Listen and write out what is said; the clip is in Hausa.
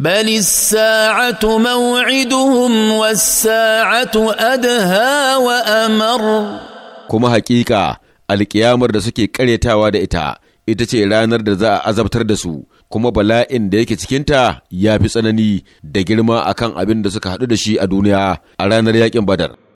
بل الساعة موعدهم والساعة أدهى وأمر kuma haƙiƙa alƙiyamar da suke ƙaryatawa da ita ita ce ranar da za a azabtar da su kuma bala'in da yake cikinta ya fi tsanani da girma akan abin da suka haɗu da shi a duniya a ranar yaƙin badar